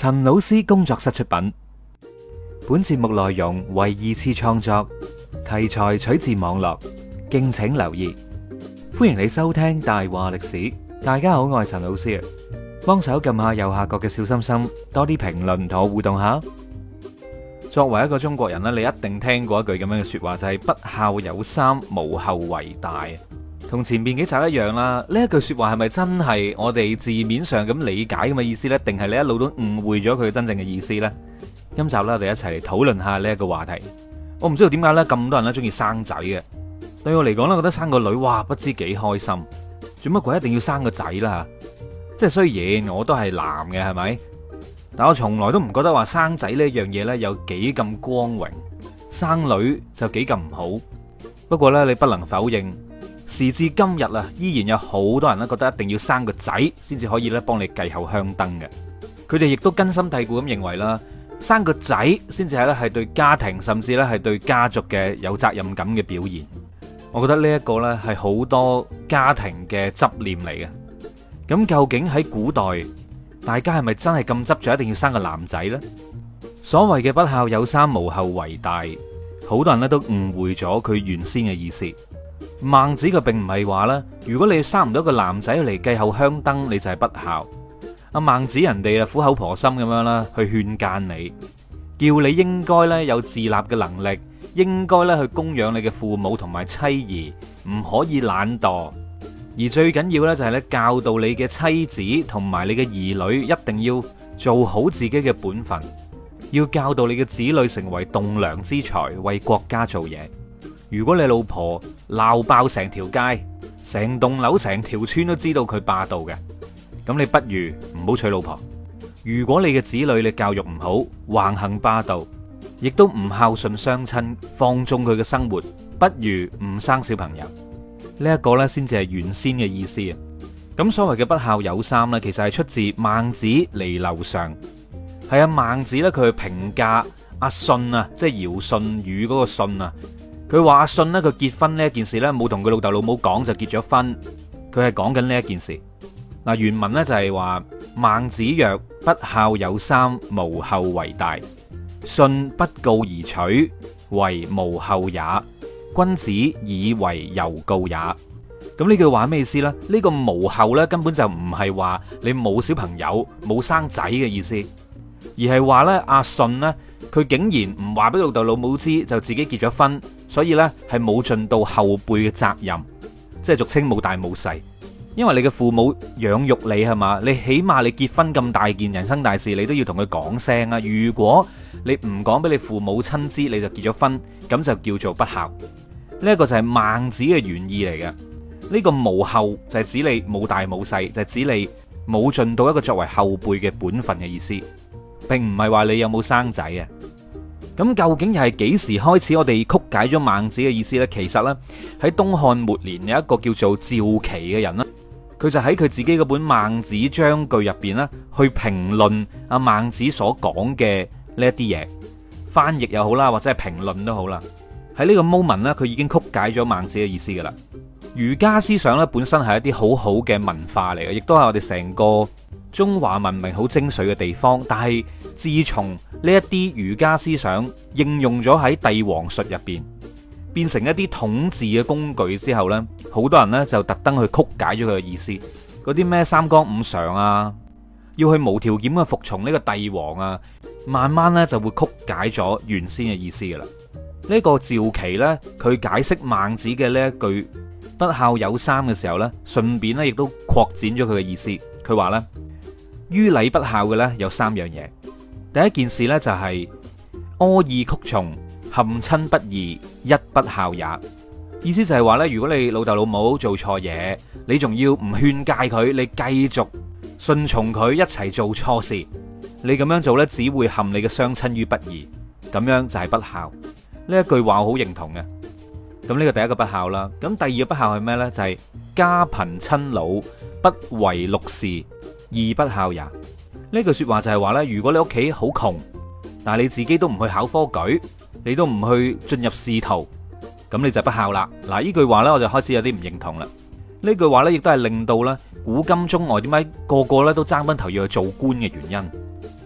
陳老師工作室出品，本節目內容為二次創作，題材取自網絡，敬請留意。歡迎你收聽大話歷史，大家好，我係陳老師啊，幫手撳下右下角嘅小心心，多啲評論同我互動下。作為一個中國人咧，你一定聽過一句咁樣嘅說話，就係不孝有三，無後為大。同前面幾集一樣啦，呢一句說話係咪真係我哋字面上咁理解咁嘅意思呢？定係你一路都誤會咗佢真正嘅意思呢？今集啦，我哋一齊嚟討論下呢一個話題。我唔知道點解呢，咁多人呢中意生仔嘅。對我嚟講呢，覺得生個女哇不知幾開心。做乜鬼一定要生個仔啦？即係雖然我都係男嘅，係咪？但我從來都唔覺得話生仔呢一樣嘢呢，有幾咁光榮，生女就幾咁唔好。不過呢，你不能否認。時至今日啊，依然有好多人咧覺得一定要生個仔先至可以咧幫你繼後香燈嘅。佢哋亦都根深蒂固咁認為啦，生個仔先至係咧係對家庭，甚至咧係對家族嘅有責任感嘅表現。我覺得呢一個呢係好多家庭嘅執念嚟嘅。咁究竟喺古代，大家係咪真係咁執著一定要生個男仔呢？所謂嘅不孝有三，無後為大，好多人咧都誤會咗佢原先嘅意思。孟子佢並唔係話咧，如果你生唔到一個男仔嚟繼後香燈，你就係不孝。阿孟子人哋啊，苦口婆心咁樣啦，去勸諫你，叫你應該咧有自立嘅能力，應該咧去供養你嘅父母同埋妻兒，唔可以懶惰。而最緊要咧就係咧，教導你嘅妻子同埋你嘅兒女，一定要做好自己嘅本分，要教導你嘅子女成為棟樑之才，為國家做嘢。如果你老婆鬧爆成條街，成棟樓、成條村都知道佢霸道嘅，咁你不如唔好娶老婆。如果你嘅子女你教育唔好，橫行霸道，亦都唔孝順雙親，放縱佢嘅生活，不如唔生小朋友。呢、這、一個呢，先至係原先嘅意思啊。咁所謂嘅不孝有三呢，其實係出自孟子離樓上，係啊孟子呢，佢評價阿舜啊，即係堯舜禹嗰個舜啊。佢話信咧，佢結婚呢一件事呢，冇同佢老豆老母講，就結咗婚。佢係講緊呢一件事。嗱，原文呢就係話孟子曰：不孝有三，無後為大。信不告而娶，為無後也。君子以為猶告也。咁呢句話咩意思呢？呢個無後呢，根本就唔係話你冇小朋友冇生仔嘅意思，而係話呢，阿信咧。佢竟然唔話俾老豆老母知，就自己結咗婚，所以呢，係冇盡到後輩嘅責任，即係俗稱冇大冇細。因為你嘅父母養育你係嘛，你起碼你結婚咁大件人生大事，你都要同佢講聲啊！如果你唔講俾你父母親知，你就結咗婚，咁就叫做不孝。呢一個就係孟子嘅原意嚟嘅。呢個無後就係指你冇大冇細，就係指你冇盡到一個作為後輩嘅本分嘅意思。並唔係話你有冇生仔啊。咁究竟又係幾時開始我哋曲解咗孟子嘅意思呢？其實呢，喺東漢末年有一個叫做趙岐嘅人啦，佢就喺佢自己嗰本《孟子章句》入邊呢，去評論阿孟子所講嘅呢一啲嘢，翻譯又好啦，或者係評論都好啦，喺呢個 moment 呢，佢已經曲解咗孟子嘅意思噶啦。儒家思想呢，本身係一啲好好嘅文化嚟嘅，亦都係我哋成個。中華文明好精髓嘅地方，但係自從呢一啲儒家思想應用咗喺帝王術入邊，變成一啲統治嘅工具之後呢，好多人呢就特登去曲解咗佢嘅意思。嗰啲咩三綱五常啊，要去無條件去服從呢個帝王啊，慢慢呢就會曲解咗原先嘅意思㗎喇。呢、這個趙岐呢，佢解釋孟子嘅呢一句不孝有三嘅時候呢，順便呢亦都擴展咗佢嘅意思。佢話呢。於禮不孝嘅呢有三樣嘢，第一件事呢、就是，就係阿意曲從，陷親不義，一不孝也。意思就係話呢如果你老豆老母做錯嘢，你仲要唔勸誡佢，你繼續順從佢一齊做錯事，你咁樣做呢，只會陷你嘅相親於不義，咁樣就係不孝。呢一句話我好認同嘅。咁呢個第一個不孝啦。咁第二個不孝係咩呢？就係、是、家貧親老，不為祿仕。二不孝也呢句說話就係話咧如果你屋企好窮但係你自己都唔去考科舉你都唔去進入仕途咁你就不孝啦嗱呢句話呢，我就開始有啲唔認同啦呢句話呢，亦都係令到咧古今中外點解個個咧都爭崩頭要去做官嘅原因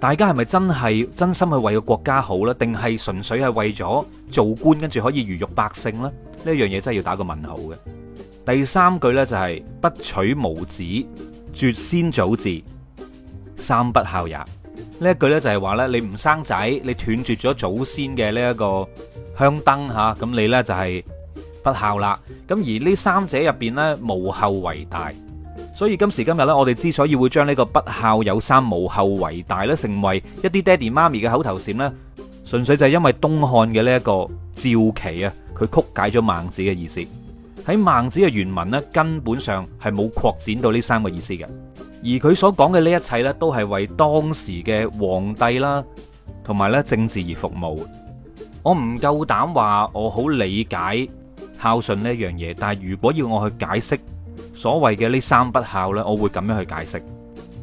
大家係咪真係真心去為個國家好呢？定係純粹係為咗做官跟住可以魚肉百姓呢？呢樣嘢真係要打個問號嘅第三句呢，就係不娶無子。絕先祖字，三不孝也。呢一句呢就係話呢，你唔生仔，你斷絕咗祖先嘅呢一個香燈吓，咁、啊、你呢就係、是、不孝啦。咁而呢三者入邊呢，無後為大。所以今時今日呢，我哋之所以會將呢個不孝有三，無後為大呢，成為一啲爹哋媽咪嘅口頭禪呢，純粹就係因為東漢嘅呢一個趙岐啊，佢曲解咗孟子嘅意思。喺孟子嘅原文咧，根本上係冇擴展到呢三個意思嘅。而佢所講嘅呢一切咧，都係為當時嘅皇帝啦，同埋咧政治而服務。我唔夠膽話我好理解孝順呢樣嘢，但係如果要我去解釋所謂嘅呢三不孝呢，我會咁樣去解釋。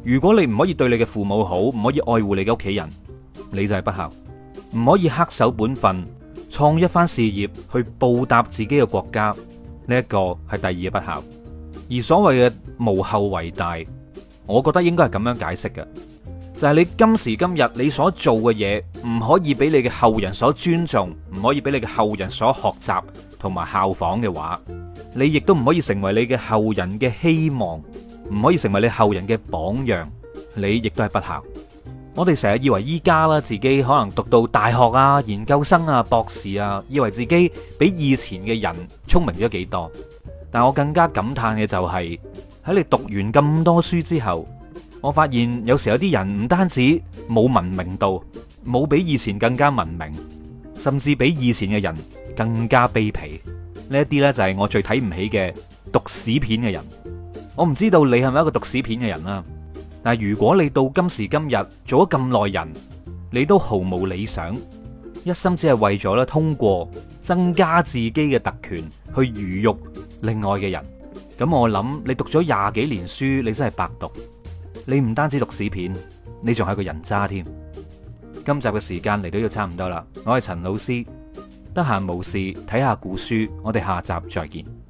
如果你唔可以對你嘅父母好，唔可以愛護你嘅屋企人，你就係不孝；唔可以恪守本分，創一番事業去報答自己嘅國家。呢一個係第二嘅不孝，而所謂嘅無後為大，我覺得應該係咁樣解釋嘅，就係你今時今日你所做嘅嘢，唔可以俾你嘅後人所尊重，唔可以俾你嘅後人所學習同埋效仿嘅話，你亦都唔可以成為你嘅後人嘅希望，唔可以成為你後人嘅榜樣，你亦都係不孝。我哋成日以為依家啦，自己可能讀到大學啊、研究生啊、博士啊，以為自己比以前嘅人聰明咗幾多。但我更加感嘆嘅就係，喺你讀完咁多書之後，我發現有時候有啲人唔單止冇文明度，冇比以前更加文明，甚至比以前嘅人更加卑鄙。呢一啲呢，就係我最睇唔起嘅讀史片嘅人。我唔知道你係咪一個讀史片嘅人啊？但如果你到今時今日做咗咁耐人，你都毫無理想，一心只係為咗咧通過增加自己嘅特權去魚肉另外嘅人，咁我諗你讀咗廿幾年書，你真係白讀，你唔單止讀屎片，你仲係個人渣添。今集嘅時間嚟到就差唔多啦，我係陳老師，得閒冇事睇下古書，我哋下集再見。